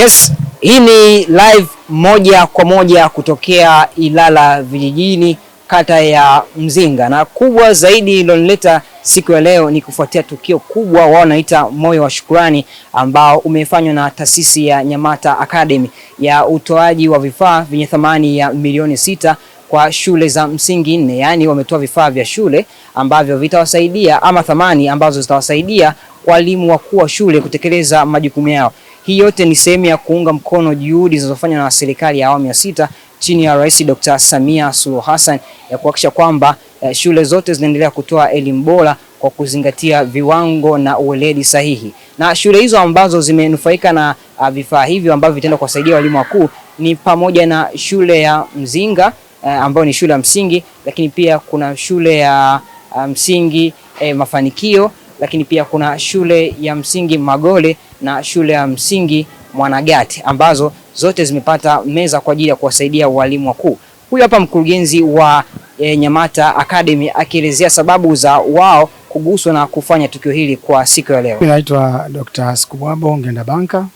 Yes, hii ni live moja kwa moja kutokea Ilala vijijini kata ya Mzinga, na kubwa zaidi lilonileta siku ya leo ni kufuatia tukio kubwa wao wanaita moyo wa shukurani, ambao umefanywa na taasisi ya Nyamata Academy ya utoaji wa vifaa vyenye thamani ya milioni sita kwa shule za msingi nne, yaani wametoa vifaa vya shule ambavyo vitawasaidia ama thamani ambazo zitawasaidia walimu wakuu wa shule kutekeleza majukumu yao. Hii yote ni sehemu ya kuunga mkono juhudi zinazofanywa na serikali ya awamu ya sita chini ya Rais Dr. Samia Suluhu Hassan ya kuhakikisha kwamba eh, shule zote zinaendelea kutoa elimu bora kwa kuzingatia viwango na uweledi sahihi. Na shule hizo ambazo zimenufaika na uh, vifaa hivyo ambavyo vitaenda kuwasaidia walimu wakuu ni pamoja na shule ya Mzinga uh, ambayo ni shule ya msingi, lakini pia kuna shule ya ah, msingi eh, Mafanikio lakini pia kuna shule ya msingi Magole na shule ya msingi Mwanagati ambazo zote zimepata meza kwa ajili ya kuwasaidia walimu wakuu. Huyu hapa mkurugenzi wa e, Nyamata Academy akielezea sababu za wao kuguswa na kufanya tukio hili kwa siku ya leo. Naitwa Dr. Sikubwabo Ngenda Banka,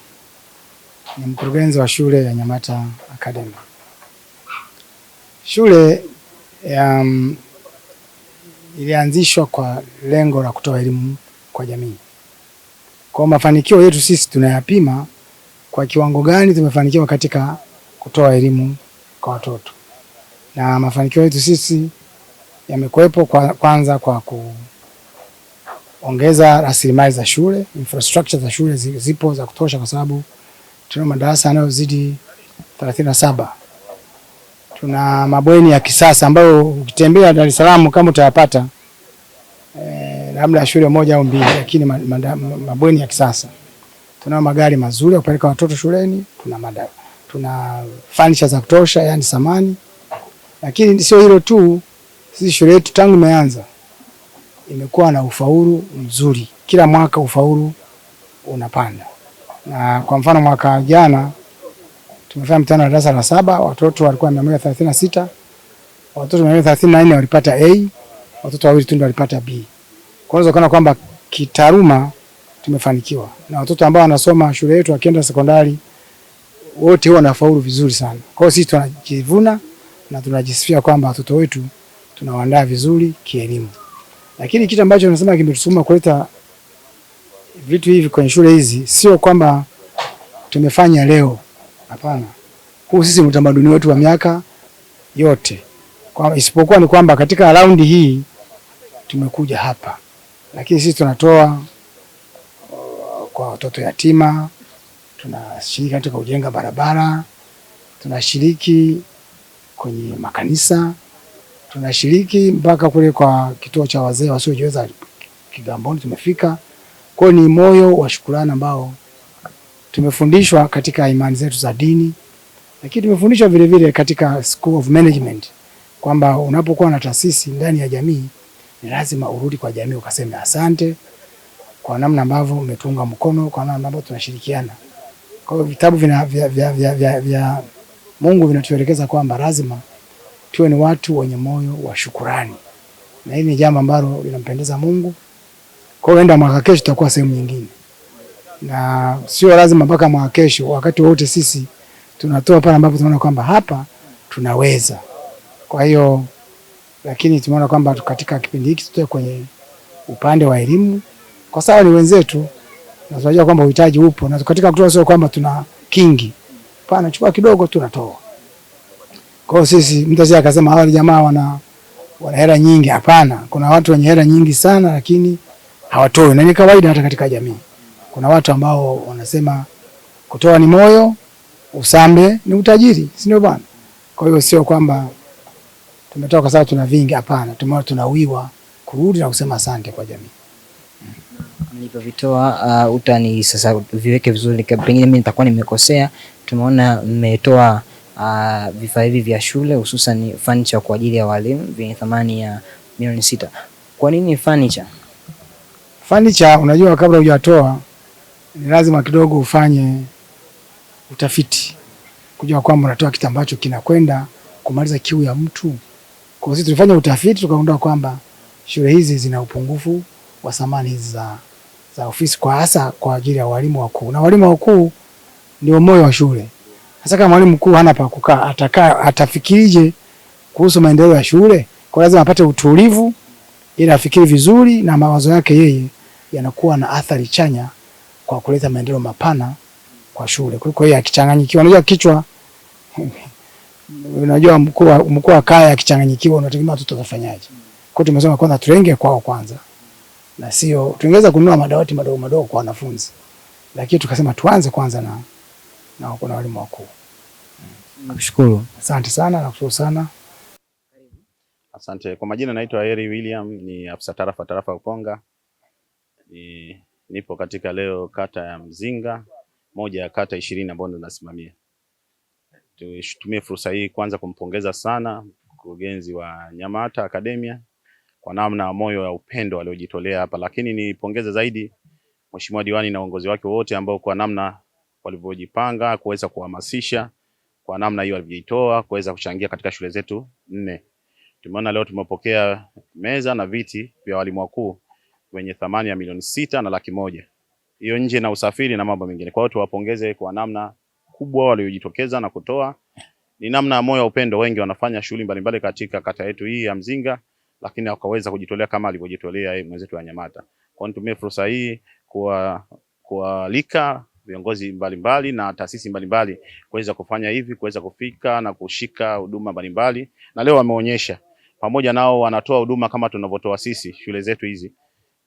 ni mkurugenzi wa shule ya Nyamata Academy. Shule ya mm, ilianzishwa kwa lengo la kutoa elimu kwa jamii. Kwa mafanikio yetu sisi tunayapima kwa kiwango gani tumefanikiwa katika kutoa elimu kwa watoto, na mafanikio yetu sisi yamekuwepo kwa, kwanza kwa kuongeza rasilimali za shule, infrastructure za shule zipo za kutosha, kwa sababu tuna madarasa yanayozidi 37 tuna mabweni ya kisasa ambayo ukitembea Dar es Salaam kama utayapata eh, labda shule moja au mbili, lakini mabweni ya kisasa. Tuna magari mazuri ya kupeleka watoto shuleni, tuna mada, tuna furniture za kutosha, yani samani. Lakini sio hilo tu, sisi shule yetu tangu imeanza imekuwa na ufaulu mzuri, kila mwaka ufaulu unapanda, na kwa mfano mwaka jana Tumefanya mtihani wa darasa la saba, watoto walikuwa mia moja thelathini na sita watoto mia moja thelathini na nne walipata A, watoto wawili tu ndio walipata B. Kwa hiyo kana kwamba kitaaluma tumefanikiwa, na watoto ambao wanasoma shule yetu wakienda sekondari wote huwa wanafaulu vizuri sana. Kwa hiyo sisi tunajivuna na tunajisifia kwamba watoto wetu tunawaandaa vizuri kielimu, lakini kitu ambacho nasema kimetusukuma kuleta vitu hivi kwenye shule hizi sio kwamba tumefanya leo Hapana, huu sisi utamaduni wetu wa miaka yote kwa, isipokuwa ni kwamba katika raundi hii tumekuja hapa, lakini sisi tunatoa uh, kwa watoto yatima, tunashiriki katika kujenga barabara, tunashiriki kwenye makanisa, tunashiriki mpaka kule kwa kituo cha wazee wasiojiweza Kigamboni tumefika. Kwa hiyo ni moyo wa shukrani ambao tumefundishwa katika imani zetu za dini, lakini tumefundishwa vilevile katika school of management kwamba unapokuwa na taasisi ndani ya jamii ni lazima urudi kwa jamii ukaseme asante kwa namna ambavyo umetunga mkono, kwa namna ambavyo tunashirikiana. Kwa hiyo vitabu vina, vya, vya, vya, vya, vya Mungu vinatuelekeza kwamba lazima tuwe ni watu wenye moyo wa shukurani, na hili ni jambo ambalo linampendeza Mungu. Kwa hiyo enda mwaka kesho tutakuwa sehemu nyingine na sio lazima mpaka mwa kesho. Wakati wote sisi tunatoa pale ambapo tunaona kwamba hapa tunaweza. Kwa hiyo lakini tumeona kwamba katika kipindi hiki tutoe kwenye upande wa elimu, kwa sababu ni wenzetu na tunajua kwamba uhitaji upo, na katika kutoa sio kwamba tuna kingi, pana chukua kidogo tunatoa. Kwa hiyo sisi, mtu asije akasema hawa jamaa wana wana hela nyingi. Hapana, kuna watu wenye hela nyingi sana, lakini hawatoi na ni kawaida hata katika jamii. Kuna watu ambao wanasema kutoa ni moyo, usambe ni utajiri, si ndio bwana? Kwa hiyo sio kwamba tumetoka sasa tuna vingi, hapana, tumeona tunawiwa kurudi na kusema asante kwa jamii mm. mlivyovitoa. Uh, utani sasa viweke vizuri, pengine mimi nitakuwa nimekosea. Tumeona mmetoa uh, vifaa hivi vya shule hususan furniture kwa ajili ya walimu vyenye thamani ya milioni sita. Kwa nini furniture? Furniture, unajua, kabla hujatoa ni lazima kidogo ufanye utafiti kujua kwamba unatoa kitu ambacho kinakwenda kumaliza kiu ya mtu. Kwa sisi tulifanya utafiti tukaondoa kwamba shule hizi zina upungufu wa samani za, za ofisi kwa hasa kwa ajili ya walimu wakuu, na walimu wakuu ndio moyo wa shule. Sasa kama mwalimu mkuu hana pa kukaa, atakaa atafikirije kuhusu maendeleo ya shule? Kwa lazima apate utulivu ili afikiri vizuri, na mawazo yake yeye yanakuwa na athari chanya kwa kuleta maendeleo mapana kwa shule kuliko yeye akichanganyikiwa. Unajua kichwa unajua mkuu wa kaya akichanganyikiwa, unategemea watoto watafanyaje? Kwa tumesema kwanza tulenge kwao kwanza, na sio tungeweza kununua madawati madogo madogo kwa wanafunzi, lakini tukasema tuanze kwanza na na kuna walimu wakuu. Nakushukuru, asante sana, nakushukuru sana. Asante. Kwa majina naitwa Eri William, ni afisa tarafa tarafa ya Ukonga ni nipo katika leo kata ya Mzinga, moja ya kata ishirini ambayo ndo nasimamia. Tutumie fursa hii kwanza kumpongeza sana mkurugenzi wa Nyamata Akademia kwa namna moyo ya upendo aliojitolea hapa, lakini nipongeze zaidi mheshimiwa diwani na uongozi wake wote ambao kwa namna walivyojipanga kuweza kuhamasisha kwa namna hiyo alivyojitoa kuweza kuchangia katika shule zetu nne. Tumeona leo tumepokea meza na viti vya walimu wakuu wenye thamani ya milioni sita na laki moja hiyo nje na usafiri na mambo mengine. Kwa hiyo tuwapongeze kwa namna kubwa waliojitokeza na kutoa, ni namna ya moyo wa upendo. Wengi wanafanya shughuli mbalimbali katika kata yetu hii ya Mzinga, lakini wakaweza kujitolea kama alivyojitolea yeye mwenzetu wa Nyamata. Kwa hiyo nitumie fursa hii kwa kualika viongozi mbalimbali na taasisi mbalimbali kuweza kufanya hivi, kuweza kufika na kushika huduma mbalimbali, na leo wameonyesha pamoja nao wanatoa huduma kama tunavyotoa sisi shule zetu hizi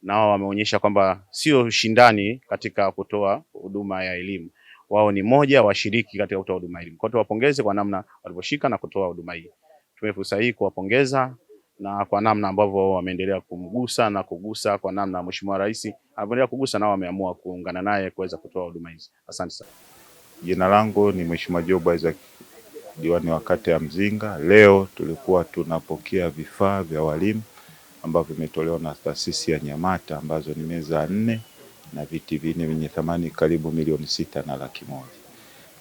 nao wameonyesha kwamba sio shindani katika kutoa huduma ya elimu, wao ni moja washiriki katika kutoa huduma ya elimu. Kwa hiyo tuwapongeze kwa namna walivyoshika na kutoa huduma hii. Tumie fursa hii kuwapongeza na kwa namna ambavyo wameendelea kumgusa na kugusa kwa namna Mheshimiwa Rais anavyoendelea kugusa, nao wameamua kuungana naye kuweza kutoa huduma hizi. Asante sana. Jina langu ni Mheshimiwa Job Isaac, diwani wa kata ya Mzinga. Leo tulikuwa tunapokea vifaa vya walimu ambavyo vimetolewa na taasisi ya Nyamata ambazo ni meza nne na viti vinne vyenye thamani karibu milioni sita na laki moja.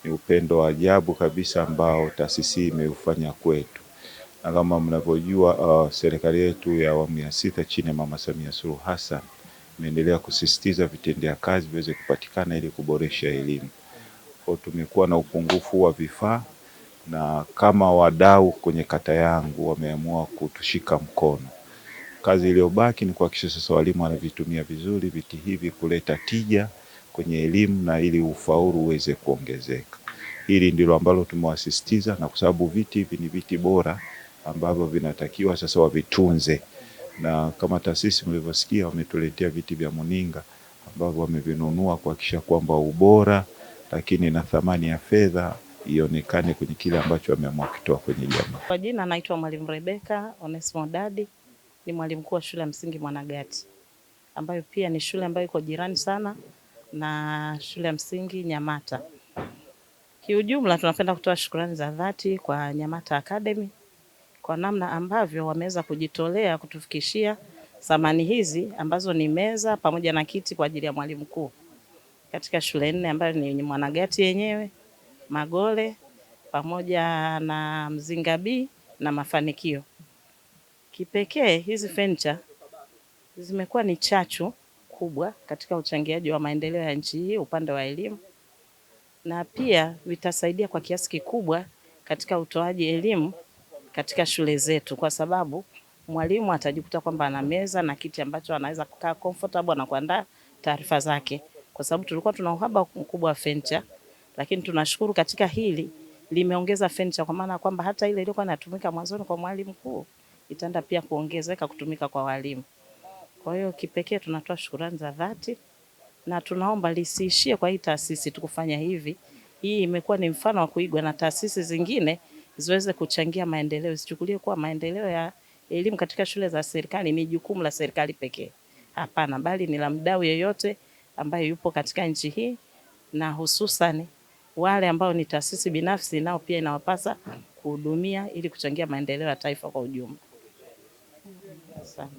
Ni upendo wa ajabu kabisa ambao taasisi imeufanya kwetu, na kama mnavyojua uh, serikali yetu ya awamu ya sita chini ya Mama Samia Suluhu Hassan imeendelea kusisitiza vitendea kazi viweze kupatikana ili kuboresha elimu. tumekuwa na upungufu wa vifaa na kama wadau kwenye kata yangu wameamua kutushika mkono Kazi iliyobaki ni kuhakikisha sasa walimu wanavitumia vizuri viti hivi kuleta tija kwenye elimu na ili ufaulu uweze kuongezeka. Hili ndilo ambalo tumewasisitiza, na kwa sababu viti hivi ni viti bora ambavyo vinatakiwa sasa wavitunze, na kama taasisi mlivyosikia, wametuletea viti vya Muninga ambavyo wamevinunua kuhakikisha kwamba ubora lakini na thamani ya fedha ionekane kwenye kile ambacho wameamua kutoa kwenye jamii. Kwa jina naitwa Mwalimu Rebeka Onesmo Dadi ni mwalimu mkuu wa shule ya msingi Mwanagati ambayo pia ni shule ambayo iko jirani sana na shule ya msingi Nyamata. Kiujumla, tunapenda kutoa shukrani za dhati kwa Nyamata Academy kwa namna ambavyo wameweza kujitolea kutufikishia samani hizi ambazo ni meza pamoja na kiti kwa ajili ya mwalimu mkuu katika shule nne ambayo ni Mwanagati yenyewe, Magole pamoja na Mzinga B na Mafanikio. Kipekee hizi fenicha zimekuwa ni chachu kubwa katika uchangiaji wa maendeleo ya nchi hii upande wa elimu, na pia vitasaidia kwa kiasi kikubwa katika utoaji elimu katika shule zetu, kwa sababu mwalimu atajikuta kwamba ana meza na kiti ambacho anaweza kukaa comfortable na kuandaa taarifa zake, kwa sababu tulikuwa tuna uhaba mkubwa wa fenicha, lakini tunashukuru katika hili limeongeza fenicha, kwa maana kwamba hata ile iliyokuwa inatumika mwanzoni kwa mwalimu mkuu itaenda pia kuongezeka kutumika kwa walimu. Kwa hiyo kipekee tunatoa shukurani za dhati na tunaomba lisiishie kwa hii taasisi tu kufanya hivi. Hii imekuwa ni mfano wa kuigwa na taasisi zingine ziweze kuchangia maendeleo. Sichukulie kuwa maendeleo ya elimu katika shule za serikali ni jukumu la serikali pekee, hapana, bali ni la mdau yeyote ambaye yupo katika nchi hii na hususan wale ambao ni taasisi binafsi, nao pia inawapasa kuhudumia ili kuchangia maendeleo ya taifa kwa ujumla. Certo.